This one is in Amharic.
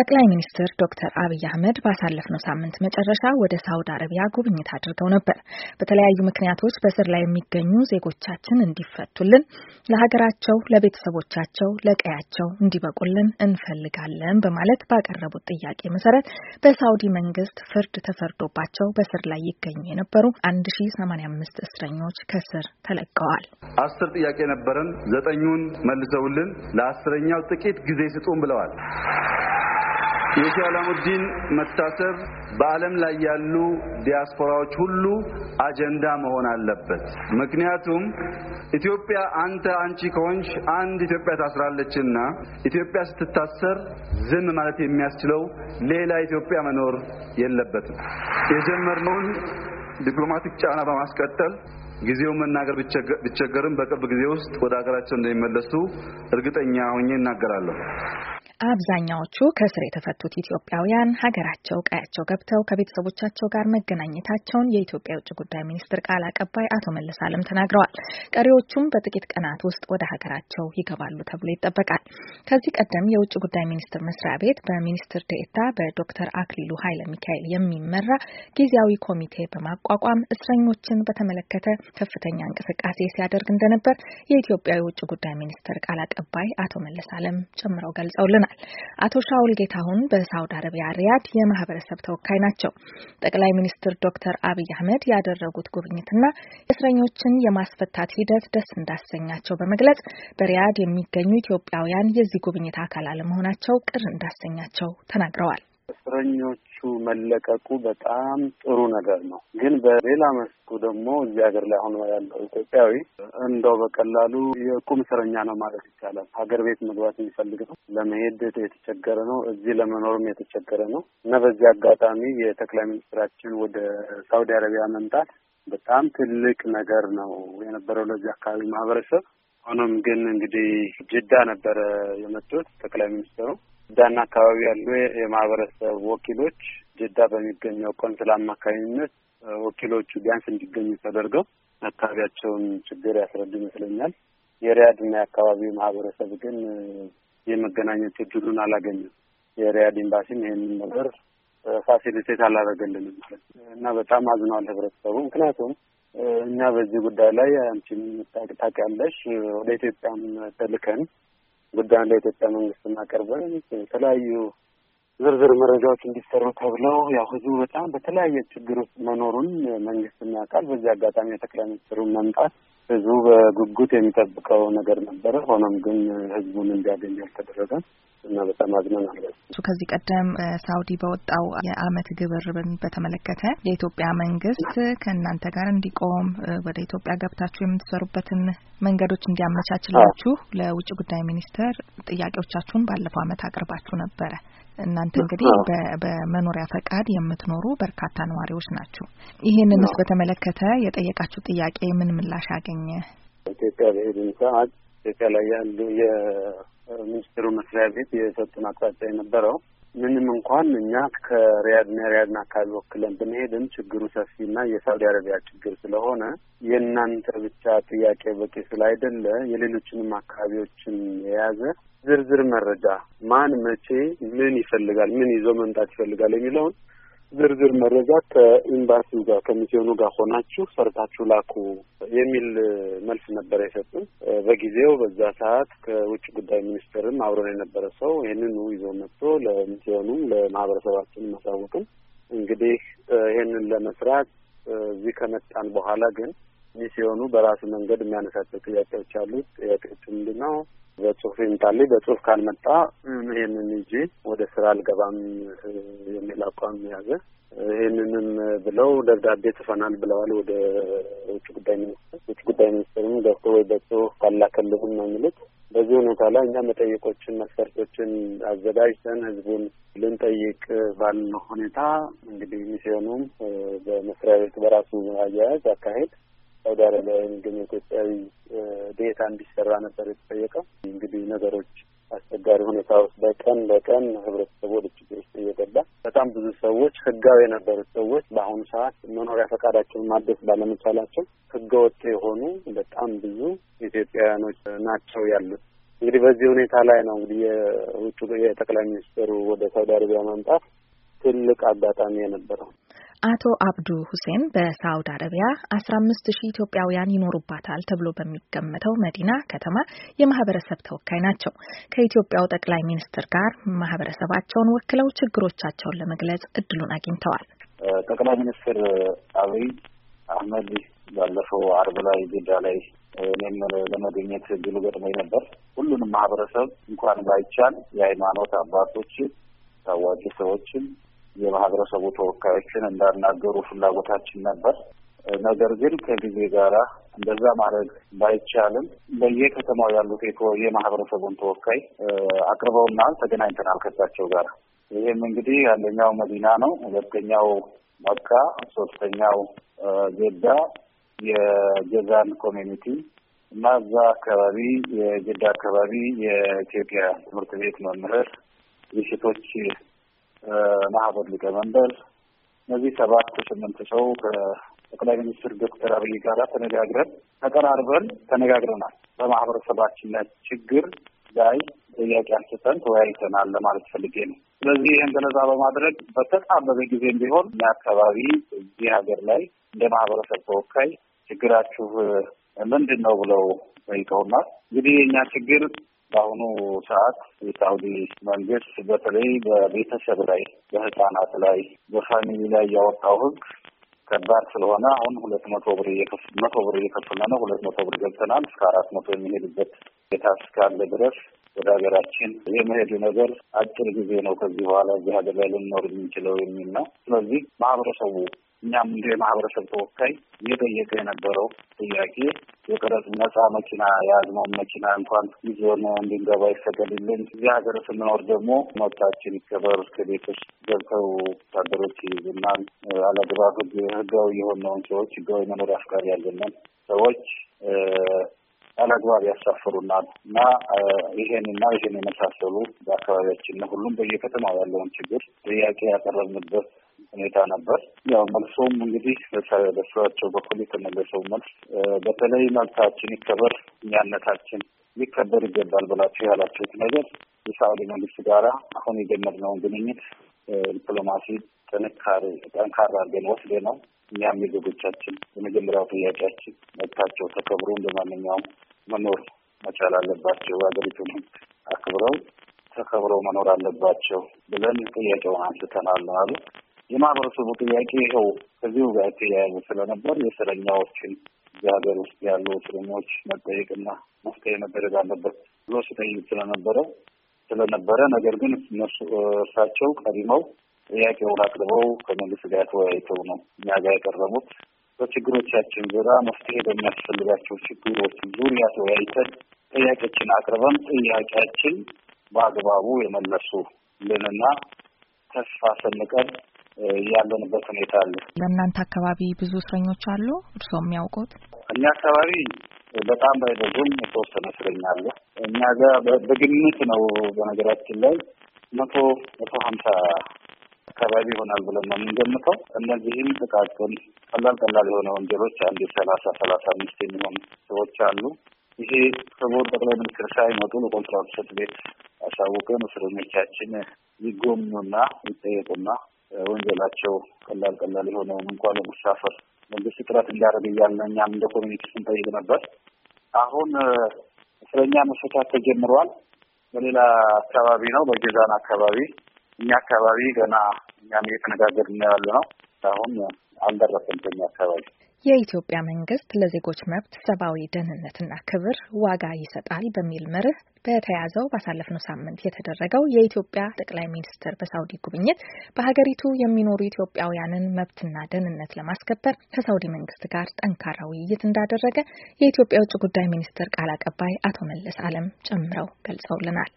ጠቅላይ ሚኒስትር ዶክተር አብይ አህመድ ባሳለፍነው ሳምንት መጨረሻ ወደ ሳውዲ አረቢያ ጉብኝት አድርገው ነበር። በተለያዩ ምክንያቶች በስር ላይ የሚገኙ ዜጎቻችን እንዲፈቱልን፣ ለሀገራቸው፣ ለቤተሰቦቻቸው፣ ለቀያቸው እንዲበቁልን እንፈልጋለን በማለት ባቀረቡት ጥያቄ መሰረት በሳውዲ መንግስት ፍርድ ተፈርዶባቸው በስር ላይ ይገኙ የነበሩ 1085 እስረኞች ከስር ተለቀዋል። አስር ጥያቄ ነበረን። ዘጠኙን መልሰውልን ለአስረኛው ጥቂት ጊዜ ስጡን ብለዋል። የጀላሙዲን መታሰብ በዓለም ላይ ያሉ ዲያስፖራዎች ሁሉ አጀንዳ መሆን አለበት። ምክንያቱም ኢትዮጵያ አንተ አንቺ ከሆንሽ አንድ ኢትዮጵያ ታስራለችና ኢትዮጵያ ስትታሰር ዝም ማለት የሚያስችለው ሌላ ኢትዮጵያ መኖር የለበትም። የጀመርነውን ዲፕሎማቲክ ጫና በማስቀጠል ጊዜው መናገር ቢቸገርም በቅርብ ጊዜ ውስጥ ወደ ሀገራቸው እንደሚመለሱ እርግጠኛ ሆኜ እናገራለሁ። አብዛኛዎቹ ከእስር የተፈቱት ኢትዮጵያውያን ሀገራቸው ቀያቸው ገብተው ከቤተሰቦቻቸው ጋር መገናኘታቸውን የኢትዮጵያ የውጭ ጉዳይ ሚኒስትር ቃል አቀባይ አቶ መለስ አለም ተናግረዋል። ቀሪዎቹም በጥቂት ቀናት ውስጥ ወደ ሀገራቸው ይገባሉ ተብሎ ይጠበቃል። ከዚህ ቀደም የውጭ ጉዳይ ሚኒስትር መስሪያ ቤት በሚኒስትር ዴኤታ በዶክተር አክሊሉ ኃይለ ሚካኤል የሚመራ ጊዜያዊ ኮሚቴ በማቋቋም እስረኞችን በተመለከተ ከፍተኛ እንቅስቃሴ ሲያደርግ እንደነበር የኢትዮጵያ የውጭ ጉዳይ ሚኒስቴር ቃል አቀባይ አቶ መለስ አለም ጨምረው ገልጸውልናል። አቶ ሻውል ጌታሁን በሳውዲ አረቢያ ሪያድ የማህበረሰብ ተወካይ ናቸው። ጠቅላይ ሚኒስትር ዶክተር አብይ አህመድ ያደረጉት ጉብኝትና የእስረኞችን የማስፈታት ሂደት ደስ እንዳሰኛቸው በመግለጽ በሪያድ የሚገኙ ኢትዮጵያውያን የዚህ ጉብኝት አካል አለመሆናቸው ቅር እንዳሰኛቸው ተናግረዋል። እስረኞቹ መለቀቁ በጣም ጥሩ ነገር ነው። ግን በሌላ መስኩ ደግሞ እዚህ ሀገር ላይ አሁን ያለው ኢትዮጵያዊ እንደው በቀላሉ የቁም እስረኛ ነው ማለት ይቻላል። ሀገር ቤት መግባት የሚፈልግ ነው። ለመሄድ የተቸገረ ነው። እዚህ ለመኖርም የተቸገረ ነው እና በዚህ አጋጣሚ የጠቅላይ ሚኒስትራችን ወደ ሳውዲ አረቢያ መምጣት በጣም ትልቅ ነገር ነው የነበረው ለዚህ አካባቢ ማህበረሰብ። ሆኖም ግን እንግዲህ ጅዳ ነበረ የመጡት ጠቅላይ ሚኒስትሩ ጅዳና አካባቢ ያሉ የማህበረሰብ ወኪሎች ጅዳ በሚገኘው ቆንስላ አማካኝነት ወኪሎቹ ቢያንስ እንዲገኙ ተደርገው አካባቢያቸውን ችግር ያስረዱ ይመስለኛል። የሪያድና የአካባቢው ማህበረሰብ ግን የመገናኘት እድሉን አላገኘም። የሪያድ ኤምባሲም ይህንን ነገር ፋሲሊቴት አላደረገልንም ማለት እና በጣም አዝኗል ህብረተሰቡ። ምክንያቱም እኛ በዚህ ጉዳይ ላይ አንቺም ታውቂያለሽ ወደ ኢትዮጵያም ተልከን ጉዳዩን ለኢትዮጵያ መንግስት አቅርበን የተለያዩ ዝርዝር መረጃዎች እንዲሰሩ ተብለው ያው ህዝቡ በጣም በተለያየ ችግር ውስጥ መኖሩን መንግስት የሚያውቃል። በዚህ አጋጣሚ የጠቅላይ ሚኒስትሩን መምጣት ህዝቡ በጉጉት የሚጠብቀው ነገር ነበረ። ሆኖም ግን ህዝቡን እንዲያገኝ አልተደረገም እና በጣም አዝነናል። እሱ ከዚህ ቀደም ሳውዲ በወጣው የአመት ግብር በተመለከተ የኢትዮጵያ መንግስት ከእናንተ ጋር እንዲቆም ወደ ኢትዮጵያ ገብታችሁ የምትሰሩበትን መንገዶች እንዲያመቻችላችሁ ለውጭ ጉዳይ ሚኒስቴር ጥያቄዎቻችሁን ባለፈው አመት አቅርባችሁ ነበረ። እናንተ እንግዲህ በመኖሪያ ፈቃድ የምትኖሩ በርካታ ነዋሪዎች ናችሁ። ይህንንስ በተመለከተ የጠየቃችሁ ጥያቄ ምን ምላሽ አገኘ? ኢትዮጵያ በሄድን ሰዓት ኢትዮጵያ ላይ ያሉ የሚኒስትሩ መስሪያ ቤት የሰጡን አቅጣጫ የነበረው ምንም እንኳን እኛ ከሪያድና ሪያድን አካባቢ ወክለን ብንሄድም ችግሩ ሰፊና የሳውዲ አረቢያ ችግር ስለሆነ የእናንተ ብቻ ጥያቄ በቂ ስላይደለ የሌሎችንም አካባቢዎችን የያዘ ዝርዝር መረጃ ማን መቼ ምን ይፈልጋል ምን ይዞ መምጣት ይፈልጋል የሚለውን ዝርዝር መረጃ ከኤምባሲው ጋር ከሚስዮኑ ጋር ሆናችሁ ሰርታችሁ ላኩ የሚል መልስ ነበር የሰጡን። በጊዜው በዛ ሰዓት ከውጭ ጉዳይ ሚኒስቴርም አብረን የነበረ ሰው ይህንኑ ይዞ መጥቶ ለሚስዮኑም ለማህበረሰባችን ማሳወቅም እንግዲህ ይህንን ለመስራት እዚህ ከመጣን በኋላ ግን ይህ ሲሆኑ በራሱ መንገድ የሚያነሳቸው ጥያቄዎች አሉት። ጥያቄዎቹ ምንድን ነው? በጽሁፍ ይምጣልኝ፣ በጽሁፍ ካልመጣ ይህንን ይዤ ወደ ስራ አልገባም የሚል አቋም የያዘ ይህንንም ብለው ደብዳቤ ጽፈናል ብለዋል። ወደ ውጭ ጉዳይ ሚኒስትር ውጭ ጉዳይ ሚኒስትርም ገብቶ ወይ በጽሁፍ ካላከልሁም ነው የሚሉት። በዚህ ሁኔታ ላይ እኛ መጠየቆችን መስፈርቶችን አዘጋጅተን ህዝቡን ልንጠይቅ ባለ ሁኔታ እንግዲህ ሚስዮኑም በመስሪያ ቤቱ በራሱ አያያዝ አካሄድ ሳውዲ አረቢያ የሚገኘ ኢትዮጵያዊ ቤታ እንዲሰራ ነበር የተጠየቀው። እንግዲህ ነገሮች አስቸጋሪ ሁኔታ ውስጥ በቀን በቀን ህብረተሰቡ ወደ ችግር ውስጥ እየገባ በጣም ብዙ ሰዎች ህጋዊ የነበሩት ሰዎች በአሁኑ ሰዓት መኖሪያ ፈቃዳቸውን ማደስ ባለመቻላቸው ህገወጥ የሆኑ በጣም ብዙ ኢትዮጵያውያኖች ናቸው ያሉት። እንግዲህ በዚህ ሁኔታ ላይ ነው እንግዲህ የውጭ የጠቅላይ ሚኒስትሩ ወደ ሳውዲ አረቢያ መምጣት ትልቅ አጋጣሚ የነበረው። አቶ አብዱ ሁሴን በሳውዲ አረቢያ አስራ አምስት ሺህ ኢትዮጵያውያን ይኖሩባታል ተብሎ በሚገመተው መዲና ከተማ የማህበረሰብ ተወካይ ናቸው። ከኢትዮጵያው ጠቅላይ ሚኒስትር ጋር ማህበረሰባቸውን ወክለው ችግሮቻቸውን ለመግለጽ እድሉን አግኝተዋል። ጠቅላይ ሚኒስትር አብይ አህመድ ባለፈው አርብ ላይ ጅዳ ላይ እኔም ለመገኘት እድሉ ገጥሞኝ ነበር። ሁሉንም ማህበረሰብ እንኳን ባይቻል የሃይማኖት አባቶችን፣ ታዋቂ ሰዎችን የማህበረሰቡ ተወካዮችን እንዳናገሩ ፍላጎታችን ነበር። ነገር ግን ከጊዜ ጋራ እንደዛ ማድረግ ባይቻልም በየከተማው ያሉት የማህበረሰቡን ተወካይ አቅርበውናል፣ ተገናኝተናል ከሳቸው ጋር። ይህም እንግዲህ አንደኛው መዲና ነው፣ ሁለተኛው መካ፣ ሶስተኛው ጀዳ የጀዛን ኮሚኒቲ እና እዛ አካባቢ የጀዳ አካባቢ የኢትዮጵያ ትምህርት ቤት መምህር የሴቶች ማህበር ሊቀመንበር እነዚህ ሰባት ስምንት ሰው ከጠቅላይ ሚኒስትር ዶክተር አብይ ጋር ተነጋግረን ተቀራርበን ተነጋግረናል። በማህበረሰባችን ችግር ላይ ጥያቄ አንስተን ተወያይተናል ለማለት ፈልጌ ነው። ስለዚህ ይህን ገለጻ በማድረግ በተጣበበ ጊዜም ቢሆን እኛ አካባቢ እዚህ ሀገር ላይ እንደ ማህበረሰብ ተወካይ ችግራችሁ ምንድን ነው ብለው ጠይቀውናል። እንግዲህ የእኛ ችግር በአሁኑ ሰዓት የሳውዲ መንግስት በተለይ በቤተሰብ ላይ፣ በህጻናት ላይ፣ በፋሚሊ ላይ ያወጣው ህግ ከባድ ስለሆነ አሁን ሁለት መቶ ብር መቶ ብር እየከፈልን ነው። ሁለት መቶ ብር ገብተናል። እስከ አራት መቶ የሚሄድበት ሁኔታ እስካለ ድረስ ወደ ሀገራችን የመሄዱ ነገር አጭር ጊዜ ነው፣ ከዚህ በኋላ እዚህ ሀገር ላይ ልንኖር የምንችለው የሚል ነው። ስለዚህ ማህበረሰቡ እኛም እንደ የማህበረሰብ ተወካይ እየጠየቀ የነበረው ጥያቄ የቀረጥ ነፃ መኪና የያዝነውን መኪና እንኳን ይዞን እንድንገባ ይፈቀድልን። እዚህ ሀገር ስንኖር ደግሞ መብታችን ይከበር። እስከ ቤቶች ገብተው ወታደሮች ይይዙናል። አለግባብ ህጋዊ የሆነውን ሰዎች ህጋዊ መኖሪያ ፍቃድ ያለንን ሰዎች ያለአግባብ ያሳፍሩናል እና ይሄን እና ይሄን የመሳሰሉ በአካባቢያችን ሁሉም በየከተማው ያለውን ችግር ጥያቄ ያቀረብንበት ሁኔታ ነበር። ያው መልሶም እንግዲህ በስራቸው በኩል የተመለሰው መልስ በተለይ መብታችን ይከበር፣ እኛነታችን ሊከበር ይገባል ብላችሁ ያላችሁት ነገር የሳዑዲ መንግስት ጋራ አሁን የጀመርነውን ግንኙነት ዲፕሎማሲ ጥንካሬ ጠንካራ አድርገን ወስደ ነው እኛም የዜጎቻችን የመጀመሪያው ጥያቄያችን መብታቸው ተከብሮ እንደማንኛውም መኖር መቻል አለባቸው፣ ሀገሪቱን አክብረው ተከብረው መኖር አለባቸው ብለን ጥያቄውን አንስተናል ነው አሉ። የማህበረሰቡ ጥያቄ ይኸው ከዚሁ ጋር የተያያዙ ስለነበር የእስረኛዎችን እዚህ ሀገር ውስጥ ያሉ እስረኞች መጠየቅና መፍትሄ መደረግ አለበት ብሎ ሲጠይቅ ስለነበረ ስለነበረ ነገር ግን እነሱ እርሳቸው ቀድመው ጥያቄውን አቅርበው ከመንግስት ጋር ተወያይተው ነው እኛ ጋር የቀረቡት። በችግሮቻችን ዙሪያ መፍትሄ በሚያስፈልጋቸው ችግሮች ዙሪያ ተወያይተን ጥያቄችን አቅርበን ጥያቄያችን በአግባቡ የመለሱ ልንና ተስፋ ሰንቀን ያለንበት ሁኔታ አለ። በእናንተ አካባቢ ብዙ እስረኞች አሉ እርስዎ የሚያውቁት? እኛ አካባቢ በጣም ባይበዙም የተወሰነ እስረኛ አለ። እኛ ጋር በግምት ነው በነገራችን ላይ መቶ መቶ ሀምሳ አካባቢ ይሆናል ብለን ነው የምንገምተው። እነዚህም ጥቃቅን ቀላል ቀላል የሆነ ወንጀሎች አንድ ሰላሳ ሰላሳ አምስት የሚሆኑ ሰዎች አሉ። ይሄ ክቡር ጠቅላይ ሚኒስትር ሳይመጡ ለኮንትራት ጽሕፈት ቤት አሳውቀን እስረኞቻችን ይጎብኙና ይጠየቁና ወንጀላቸው ቀላል ቀላል የሆነውን እንኳን ለመሳፈር መንግስት ጥረት እንዲያደርግ እያልን እኛም እንደ ኮሚኒቲ ስንጠይቅ ነበር። አሁን እስረኛ መፈታት ተጀምረዋል። በሌላ አካባቢ ነው፣ በጌዛን አካባቢ እኛ አካባቢ ገና እኛም እየተነጋገርን ያለ ነው። አሁን አልደረሰም ከኛ አካባቢ። የኢትዮጵያ መንግስት ለዜጎች መብት ሰብአዊ ደህንነትና ክብር ዋጋ ይሰጣል በሚል መርህ በተያዘው ባሳለፍነው ሳምንት የተደረገው የኢትዮጵያ ጠቅላይ ሚኒስትር በሳውዲ ጉብኝት በሀገሪቱ የሚኖሩ ኢትዮጵያውያንን መብትና ደህንነት ለማስከበር ከሳውዲ መንግስት ጋር ጠንካራ ውይይት እንዳደረገ የኢትዮጵያ ውጭ ጉዳይ ሚኒስትር ቃል አቀባይ አቶ መለስ አለም ጨምረው ገልጸውልናል።